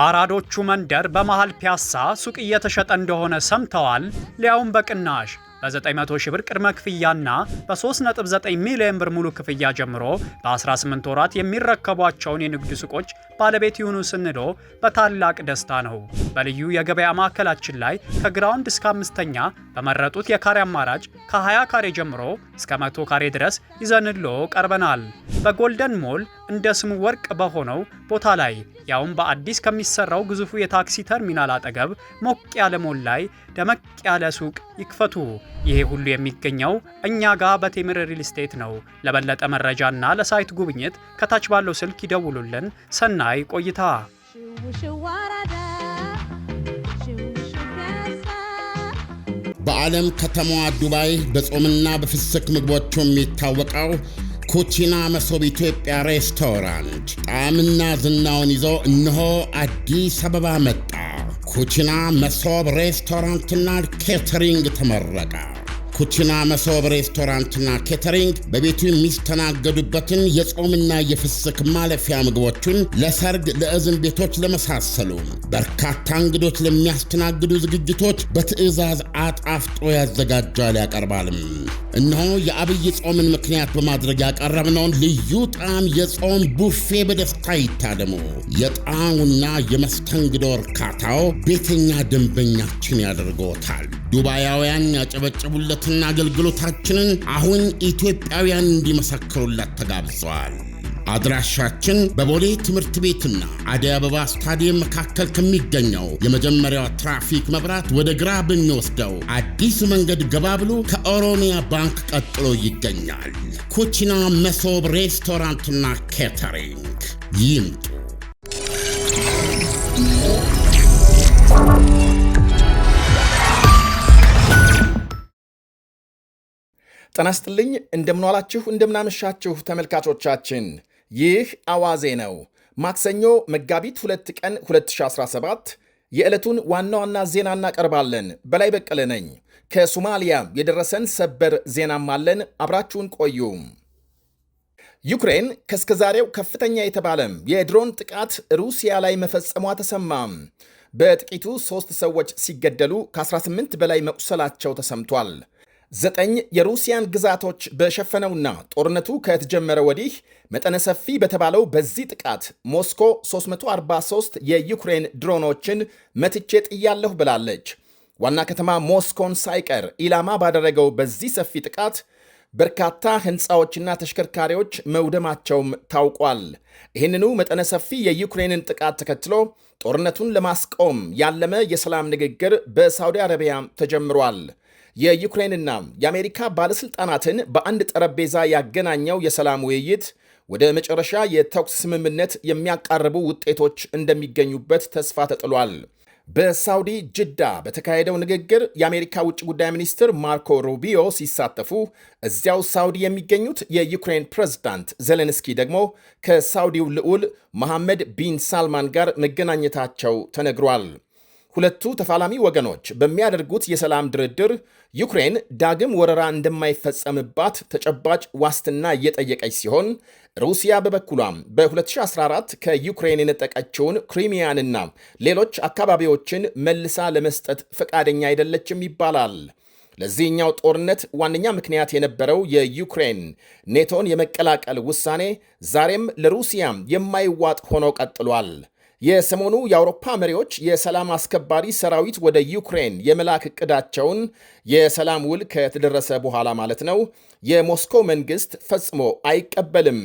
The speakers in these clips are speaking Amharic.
ባራዶቹ መንደር በመሃል ፒያሳ ሱቅ እየተሸጠ እንደሆነ ሰምተዋል? ሊያውም በቅናሽ በ900 ሺህ ብር ቅድመ ክፍያና በ3.9 ሚሊዮን ብር ሙሉ ክፍያ ጀምሮ በ18 ወራት የሚረከቧቸውን የንግድ ሱቆች ባለቤት ይሁኑ ስንሎ በታላቅ ደስታ ነው። በልዩ የገበያ ማዕከላችን ላይ ከግራውንድ እስከ አምስተኛ በመረጡት የካሬ አማራጭ ከ20 ካሬ ጀምሮ እስከ 100 ካሬ ድረስ ይዘንሎ ቀርበናል። በጎልደን ሞል እንደ ስሙ ወርቅ በሆነው ቦታ ላይ ያውም በአዲስ ከሚሰራው ግዙፉ የታክሲ ተርሚናል አጠገብ ሞቅ ያለ ሞል ላይ ደመቅ ያለ ሱቅ ይክፈቱ። ይሄ ሁሉ የሚገኘው እኛ ጋር በቴምር ሪል ስቴት ነው። ለበለጠ መረጃና ለሳይት ጉብኝት ከታች ባለው ስልክ ይደውሉልን። ሰናይ ቆይታ። በዓለም ከተማዋ ዱባይ በጾምና በፍስክ ምግቦቹ የሚታወቀው ኩቺና መሶብ ኢትዮጵያ ሬስቶራንት ጣዕምና ዝናውን ይዞ እነሆ አዲስ አበባ መጣ። ኩቺና መሶብ ሬስቶራንትና ኬተሪንግ ተመረቀ። ኩችና መሶብ ሬስቶራንትና ኬተሪንግ በቤቱ የሚስተናገዱበትን የጾምና የፍስክ ማለፊያ ምግቦችን ለሰርግ፣ ለእዝን ቤቶች ለመሳሰሉ በርካታ እንግዶች ለሚያስተናግዱ ዝግጅቶች በትዕዛዝ አጣፍጦ ያዘጋጃል ያቀርባልም። እነሆ የአብይ ጾምን ምክንያት በማድረግ ያቀረብነውን ልዩ ጣዕም የጾም ቡፌ በደስታ ይታደሙ። የጣዕሙና የመስተንግዶ እርካታው ቤተኛ ደንበኛችን ያደርጎታል። ዱባያውያን ያጨበጨቡለትና አገልግሎታችንን አሁን ኢትዮጵያውያን እንዲመሰክሩለት ተጋብዘዋል። አድራሻችን በቦሌ ትምህርት ቤትና አደይ አበባ ስታዲየም መካከል ከሚገኘው የመጀመሪያው ትራፊክ መብራት ወደ ግራ በሚወስደው አዲስ መንገድ ገባ ብሎ ከኦሮሚያ ባንክ ቀጥሎ ይገኛል። ኩቺና መሶብ ሬስቶራንትና ኬተሪንግ ይምጡ። ጤና ይስጥልኝ እንደምንዋላችሁ እንደምናመሻችሁ ተመልካቾቻችን፣ ይህ አዋዜ ነው። ማክሰኞ መጋቢት 2 ቀን 2017 የዕለቱን ዋና ዋና ዜና እናቀርባለን። በላይ በቀለ ነኝ። ከሶማሊያ የደረሰን ሰበር ዜናም አለን። አብራችሁን ቆዩ። ዩክሬን ከእስከዛሬው ከፍተኛ የተባለም የድሮን ጥቃት ሩሲያ ላይ መፈጸሟ ተሰማም። በጥቂቱ ሦስት ሰዎች ሲገደሉ ከ18 በላይ መቁሰላቸው ተሰምቷል። ዘጠኝ የሩሲያን ግዛቶች በሸፈነውና ጦርነቱ ከተጀመረ ወዲህ መጠነ ሰፊ በተባለው በዚህ ጥቃት ሞስኮ 343 የዩክሬን ድሮኖችን መትቼ ጥያለሁ ብላለች። ዋና ከተማ ሞስኮን ሳይቀር ኢላማ ባደረገው በዚህ ሰፊ ጥቃት በርካታ ሕንፃዎችና ተሽከርካሪዎች መውደማቸውም ታውቋል። ይህንኑ መጠነ ሰፊ የዩክሬንን ጥቃት ተከትሎ ጦርነቱን ለማስቆም ያለመ የሰላም ንግግር በሳውዲ አረቢያ ተጀምሯል። የዩክሬንና የአሜሪካ ባለሥልጣናትን በአንድ ጠረጴዛ ያገናኘው የሰላም ውይይት ወደ መጨረሻ የተኩስ ስምምነት የሚያቃርቡ ውጤቶች እንደሚገኙበት ተስፋ ተጥሏል። በሳውዲ ጅዳ በተካሄደው ንግግር የአሜሪካ ውጭ ጉዳይ ሚኒስትር ማርኮ ሩቢዮ ሲሳተፉ እዚያው ሳውዲ የሚገኙት የዩክሬን ፕሬዝዳንት ዘሌንስኪ ደግሞ ከሳውዲው ልዑል መሐመድ ቢን ሳልማን ጋር መገናኘታቸው ተነግሯል። ሁለቱ ተፋላሚ ወገኖች በሚያደርጉት የሰላም ድርድር ዩክሬን ዳግም ወረራ እንደማይፈጸምባት ተጨባጭ ዋስትና እየጠየቀች ሲሆን ሩሲያ በበኩሏም በ2014 ከዩክሬን የነጠቀችውን ክሪሚያንና ሌሎች አካባቢዎችን መልሳ ለመስጠት ፈቃደኛ አይደለችም ይባላል። ለዚህኛው ጦርነት ዋነኛ ምክንያት የነበረው የዩክሬን ኔቶን የመቀላቀል ውሳኔ ዛሬም ለሩሲያም የማይዋጥ ሆኖ ቀጥሏል። የሰሞኑ የአውሮፓ መሪዎች የሰላም አስከባሪ ሰራዊት ወደ ዩክሬን የመላክ እቅዳቸውን የሰላም ውል ከተደረሰ በኋላ ማለት ነው የሞስኮ መንግስት ፈጽሞ አይቀበልም።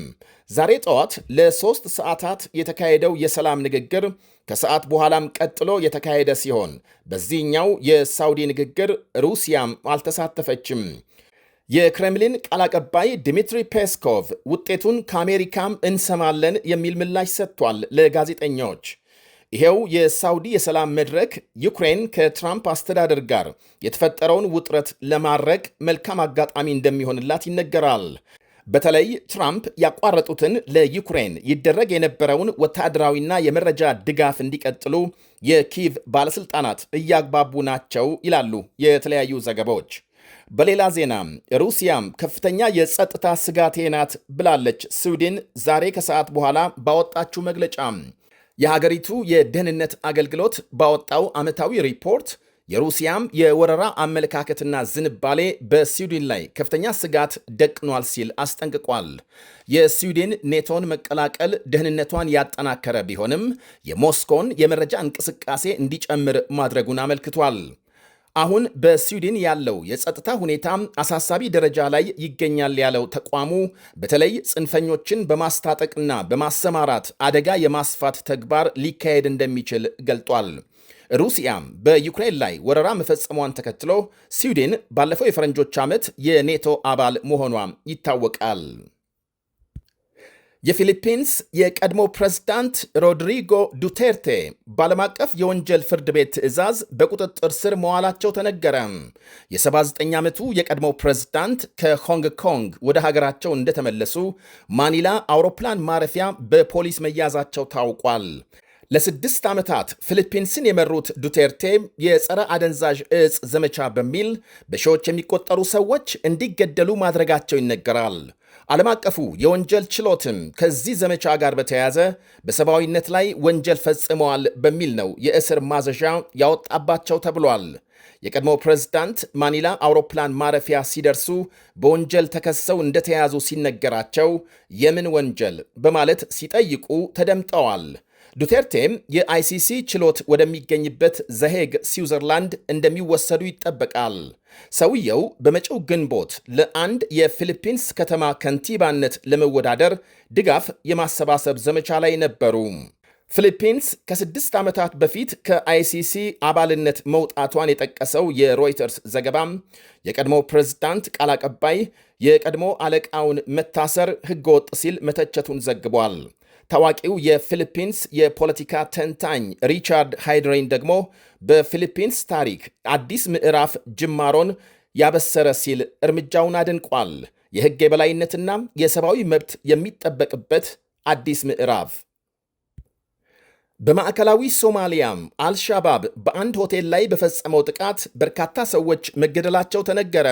ዛሬ ጠዋት ለሶስት ሰዓታት የተካሄደው የሰላም ንግግር ከሰዓት በኋላም ቀጥሎ የተካሄደ ሲሆን በዚህኛው የሳውዲ ንግግር ሩሲያም አልተሳተፈችም። የክሬምሊን ቃል አቀባይ ዲሚትሪ ፔስኮቭ ውጤቱን ከአሜሪካም እንሰማለን የሚል ምላሽ ሰጥቷል ለጋዜጠኛዎች። ይሄው የሳውዲ የሰላም መድረክ ዩክሬን ከትራምፕ አስተዳደር ጋር የተፈጠረውን ውጥረት ለማድረግ መልካም አጋጣሚ እንደሚሆንላት ይነገራል። በተለይ ትራምፕ ያቋረጡትን ለዩክሬን ይደረግ የነበረውን ወታደራዊና የመረጃ ድጋፍ እንዲቀጥሉ የኪቭ ባለሥልጣናት እያግባቡ ናቸው ይላሉ የተለያዩ ዘገባዎች። በሌላ ዜና ሩሲያም ከፍተኛ የጸጥታ ስጋቴ ናት ብላለች። ስዊድን ዛሬ ከሰዓት በኋላ ባወጣችው መግለጫ የሀገሪቱ የደህንነት አገልግሎት ባወጣው ዓመታዊ ሪፖርት የሩሲያም የወረራ አመለካከትና ዝንባሌ በስዊድን ላይ ከፍተኛ ስጋት ደቅኗል ሲል አስጠንቅቋል። የስዊድን ኔቶን መቀላቀል ደህንነቷን ያጠናከረ ቢሆንም የሞስኮን የመረጃ እንቅስቃሴ እንዲጨምር ማድረጉን አመልክቷል። አሁን በስዊድን ያለው የጸጥታ ሁኔታ አሳሳቢ ደረጃ ላይ ይገኛል ያለው ተቋሙ በተለይ ጽንፈኞችን በማስታጠቅና በማሰማራት አደጋ የማስፋት ተግባር ሊካሄድ እንደሚችል ገልጧል። ሩሲያም በዩክሬን ላይ ወረራ መፈጸሟን ተከትሎ ስዊድን ባለፈው የፈረንጆች ዓመት የኔቶ አባል መሆኗ ይታወቃል። የፊሊፒንስ የቀድሞ ፕሬዝዳንት ሮድሪጎ ዱቴርቴ በዓለም አቀፍ የወንጀል ፍርድ ቤት ትዕዛዝ በቁጥጥር ስር መዋላቸው ተነገረ። የ79 ዓመቱ የቀድሞ ፕሬዝዳንት ከሆንግ ኮንግ ወደ ሀገራቸው እንደተመለሱ ማኒላ አውሮፕላን ማረፊያ በፖሊስ መያዛቸው ታውቋል። ለስድስት ዓመታት ፊሊፒንስን የመሩት ዱቴርቴ የጸረ አደንዛዥ እጽ ዘመቻ በሚል በሺዎች የሚቆጠሩ ሰዎች እንዲገደሉ ማድረጋቸው ይነገራል። ዓለም አቀፉ የወንጀል ችሎትም ከዚህ ዘመቻ ጋር በተያያዘ በሰብአዊነት ላይ ወንጀል ፈጽመዋል በሚል ነው የእስር ማዘዣ ያወጣባቸው ተብሏል። የቀድሞው ፕሬዝዳንት ማኒላ አውሮፕላን ማረፊያ ሲደርሱ በወንጀል ተከሰው እንደተያዙ ሲነገራቸው የምን ወንጀል በማለት ሲጠይቁ ተደምጠዋል። ዱቴርቴም የአይሲሲ ችሎት ወደሚገኝበት ዘሄግ ስዊዘርላንድ እንደሚወሰዱ ይጠበቃል። ሰውየው በመጪው ግንቦት ለአንድ የፊሊፒንስ ከተማ ከንቲባነት ለመወዳደር ድጋፍ የማሰባሰብ ዘመቻ ላይ ነበሩ። ፊሊፒንስ ከስድስት ዓመታት በፊት ከአይሲሲ አባልነት መውጣቷን የጠቀሰው የሮይተርስ ዘገባም የቀድሞ ፕሬዝዳንት ቃል አቀባይ የቀድሞ አለቃውን መታሰር ሕገወጥ ሲል መተቸቱን ዘግቧል። ታዋቂው የፊሊፒንስ የፖለቲካ ተንታኝ ሪቻርድ ሃይድሬን ደግሞ በፊሊፒንስ ታሪክ አዲስ ምዕራፍ ጅማሮን ያበሰረ ሲል እርምጃውን አድንቋል። የሕግ የበላይነትና የሰብአዊ መብት የሚጠበቅበት አዲስ ምዕራፍ። በማዕከላዊ ሶማሊያም አልሻባብ በአንድ ሆቴል ላይ በፈጸመው ጥቃት በርካታ ሰዎች መገደላቸው ተነገረ።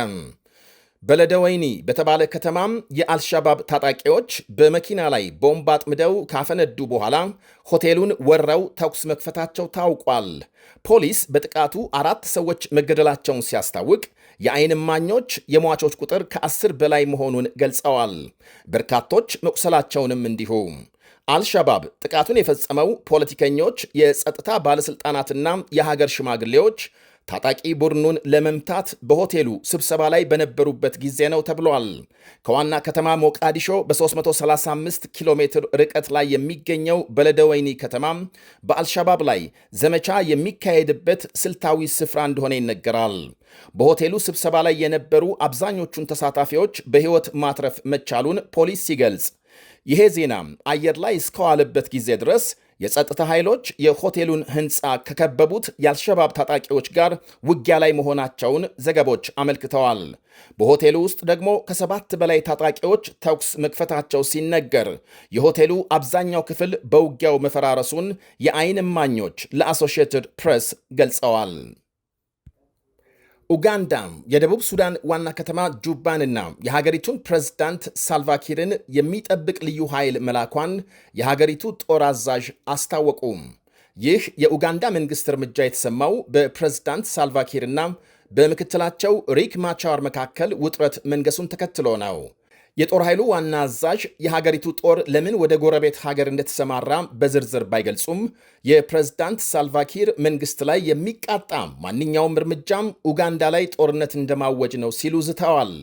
በለደወይኒ በተባለ ከተማም የአልሻባብ ታጣቂዎች በመኪና ላይ ቦምብ አጥምደው ካፈነዱ በኋላ ሆቴሉን ወረው ተኩስ መክፈታቸው ታውቋል። ፖሊስ በጥቃቱ አራት ሰዎች መገደላቸውን ሲያስታውቅ የዓይን እማኞች የሟቾች ቁጥር ከአስር በላይ መሆኑን ገልጸዋል። በርካቶች መቁሰላቸውንም እንዲሁ። አልሻባብ ጥቃቱን የፈጸመው ፖለቲከኞች፣ የጸጥታ ባለሥልጣናትና የሀገር ሽማግሌዎች ታጣቂ ቡድኑን ለመምታት በሆቴሉ ስብሰባ ላይ በነበሩበት ጊዜ ነው ተብሏል። ከዋና ከተማ ሞቃዲሾ በ335 ኪሎ ሜትር ርቀት ላይ የሚገኘው በለደወይኒ ከተማ በአልሻባብ ላይ ዘመቻ የሚካሄድበት ስልታዊ ስፍራ እንደሆነ ይነገራል። በሆቴሉ ስብሰባ ላይ የነበሩ አብዛኞቹን ተሳታፊዎች በሕይወት ማትረፍ መቻሉን ፖሊስ ሲገልጽ ይሄ ዜና አየር ላይ እስከዋለበት ጊዜ ድረስ የጸጥታ ኃይሎች የሆቴሉን ሕንፃ ከከበቡት የአልሸባብ ታጣቂዎች ጋር ውጊያ ላይ መሆናቸውን ዘገቦች አመልክተዋል። በሆቴሉ ውስጥ ደግሞ ከሰባት በላይ ታጣቂዎች ተኩስ መክፈታቸው ሲነገር የሆቴሉ አብዛኛው ክፍል በውጊያው መፈራረሱን የአይን እማኞች ለአሶሺየትድ ፕሬስ ገልጸዋል። ኡጋንዳ የደቡብ ሱዳን ዋና ከተማ ጁባንና የሀገሪቱን ፕሬዝዳንት ሳልቫኪርን የሚጠብቅ ልዩ ኃይል መላኳን የሀገሪቱ ጦር አዛዥ አስታወቁ። ይህ የኡጋንዳ መንግሥት እርምጃ የተሰማው በፕሬዝዳንት ሳልቫኪርና በምክትላቸው ሪክ ማቻዋር መካከል ውጥረት መንገሱን ተከትሎ ነው። የጦር ኃይሉ ዋና አዛዥ የሀገሪቱ ጦር ለምን ወደ ጎረቤት ሀገር እንደተሰማራ በዝርዝር ባይገልጹም የፕሬዝዳንት ሳልቫኪር መንግስት ላይ የሚቃጣ ማንኛውም እርምጃም ኡጋንዳ ላይ ጦርነት እንደማወጅ ነው ሲሉ ዝተዋል።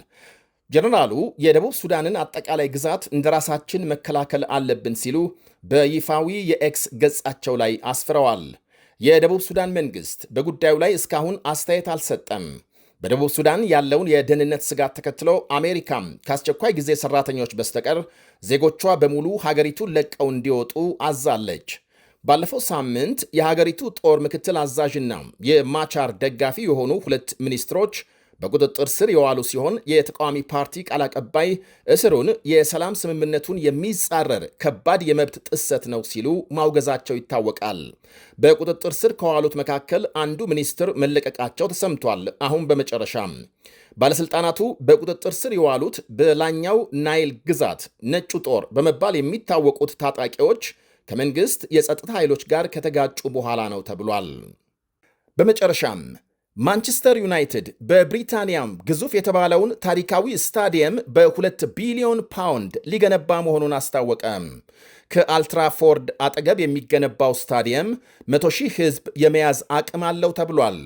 ጀነራሉ የደቡብ ሱዳንን አጠቃላይ ግዛት እንደራሳችን መከላከል አለብን ሲሉ በይፋዊ የኤክስ ገጻቸው ላይ አስፍረዋል። የደቡብ ሱዳን መንግስት በጉዳዩ ላይ እስካሁን አስተያየት አልሰጠም። በደቡብ ሱዳን ያለውን የደህንነት ስጋት ተከትሎ አሜሪካም ከአስቸኳይ ጊዜ ሰራተኞች በስተቀር ዜጎቿ በሙሉ ሀገሪቱን ለቀው እንዲወጡ አዛለች። ባለፈው ሳምንት የሀገሪቱ ጦር ምክትል አዛዥና የማቻር ደጋፊ የሆኑ ሁለት ሚኒስትሮች በቁጥጥር ስር የዋሉ ሲሆን የተቃዋሚ ፓርቲ ቃል አቀባይ እስሩን የሰላም ስምምነቱን የሚጻረር ከባድ የመብት ጥሰት ነው ሲሉ ማውገዛቸው ይታወቃል። በቁጥጥር ስር ከዋሉት መካከል አንዱ ሚኒስትር መለቀቃቸው ተሰምቷል። አሁን በመጨረሻም ባለስልጣናቱ በቁጥጥር ስር የዋሉት በላይኛው ናይል ግዛት ነጩ ጦር በመባል የሚታወቁት ታጣቂዎች ከመንግስት የጸጥታ ኃይሎች ጋር ከተጋጩ በኋላ ነው ተብሏል። በመጨረሻም ማንቸስተር ዩናይትድ በብሪታንያም ግዙፍ የተባለውን ታሪካዊ ስታዲየም በ2 ቢሊዮን ፓውንድ ሊገነባ መሆኑን አስታወቀ። ከአልትራፎርድ አጠገብ የሚገነባው ስታዲየም 100 ሺህ ሕዝብ የመያዝ አቅም አለው ተብሏል።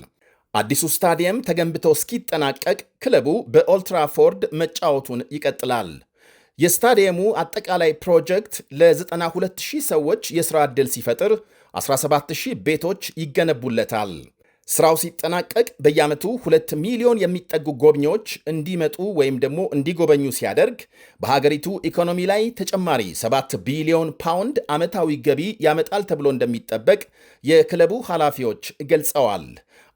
አዲሱ ስታዲየም ተገንብቶ እስኪጠናቀቅ ክለቡ በኦልትራፎርድ መጫወቱን ይቀጥላል። የስታዲየሙ አጠቃላይ ፕሮጀክት ለ92000 ሰዎች የሥራ ዕድል ሲፈጥር 17000 ቤቶች ይገነቡለታል። ስራው ሲጠናቀቅ በየዓመቱ ሁለት ሚሊዮን የሚጠጉ ጎብኚዎች እንዲመጡ ወይም ደግሞ እንዲጎበኙ ሲያደርግ በሀገሪቱ ኢኮኖሚ ላይ ተጨማሪ 7 ቢሊዮን ፓውንድ ዓመታዊ ገቢ ያመጣል ተብሎ እንደሚጠበቅ የክለቡ ኃላፊዎች ገልጸዋል።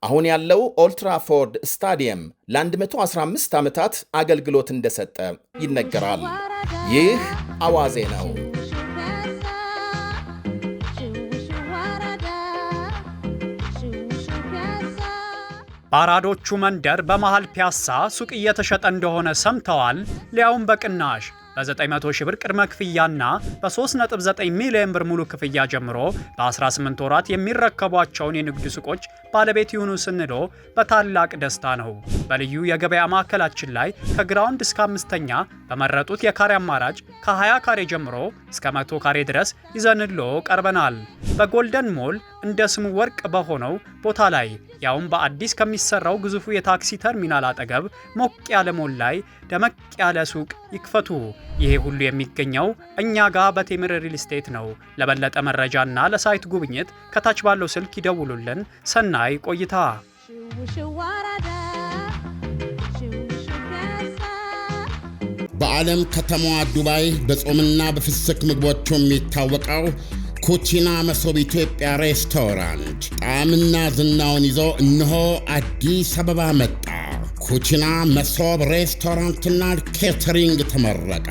አሁን ያለው ኦልትራፎርድ ስታዲየም ለ115 ዓመታት አገልግሎት እንደሰጠ ይነገራል። ይህ አዋዜ ነው። ባራዶቹ መንደር በመሃል ፒያሳ ሱቅ እየተሸጠ እንደሆነ ሰምተዋል? ሊያውም በቅናሽ በ900 ሺህ ብር ቅድመ ክፍያና በ3.9 ሚሊዮን ብር ሙሉ ክፍያ ጀምሮ በ18 ወራት የሚረከቧቸውን የንግድ ሱቆች ባለቤት ይሁኑ ስንሎ በታላቅ ደስታ ነው። በልዩ የገበያ ማዕከላችን ላይ ከግራውንድ እስከ አምስተኛ በመረጡት የካሬ አማራጭ ከ20 ካሬ ጀምሮ እስከ 100 ካሬ ድረስ ይዘንሎ ቀርበናል። በጎልደን ሞል እንደ ስሙ ወርቅ በሆነው ቦታ ላይ ያውም በአዲስ ከሚሰራው ግዙፉ የታክሲ ተርሚናል አጠገብ ሞቅ ያለ ሞል ላይ ደመቅ ያለ ሱቅ ይክፈቱ። ይሄ ሁሉ የሚገኘው እኛ ጋር በቴምር ሪል ስቴት ነው። ለበለጠ መረጃና ለሳይት ጉብኝት ከታች ባለው ስልክ ይደውሉልን። ሰናይ ላይ ቆይታ በዓለም ከተማዋ ዱባይ በጾምና በፍስክ ምግቦቹ የሚታወቀው ኩቺና መሶብ ኢትዮጵያ ሬስቶራንት ጣዕምና ዝናውን ይዞ እነሆ አዲስ አበባ መጣ። ኩቺና መሶብ ሬስቶራንትና ኬተሪንግ ተመረቀ።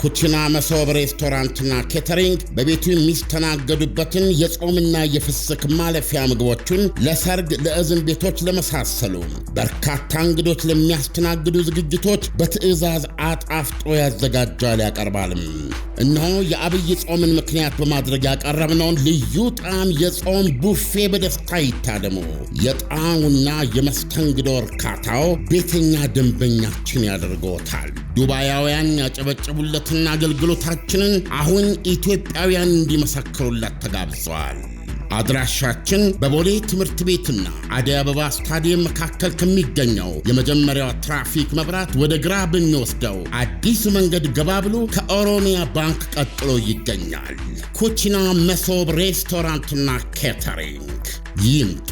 ኩችና መሶብ ሬስቶራንትና ኬተሪንግ በቤቱ የሚስተናገዱበትን የጾምና የፍስክ ማለፊያ ምግቦችን ለሰርግ፣ ለእዝን ቤቶች ለመሳሰሉ በርካታ እንግዶች ለሚያስተናግዱ ዝግጅቶች በትዕዛዝ አጣፍጦ ያዘጋጃል ያቀርባልም። እነሆ የአብይ ጾምን ምክንያት በማድረግ ያቀረብነውን ልዩ ጣዕም የጾም ቡፌ በደስታ ይታደሙ። የጣዕሙና የመስተንግዶ እርካታው ቤተኛ ደንበኛችን ያደርገዎታል። ዱባያውያን ያጨበጨቡለትና አገልግሎታችንን አሁን ኢትዮጵያውያን እንዲመሰክሩለት ተጋብዘዋል። አድራሻችን በቦሌ ትምህርት ቤትና አደይ አበባ ስታዲየም መካከል ከሚገኘው የመጀመሪያው ትራፊክ መብራት ወደ ግራ በሚወስደው አዲስ መንገድ ገባ ብሎ ከኦሮሚያ ባንክ ቀጥሎ ይገኛል። ኩቺና መሶብ ሬስቶራንትና ኬተሪንግ ይምጡ።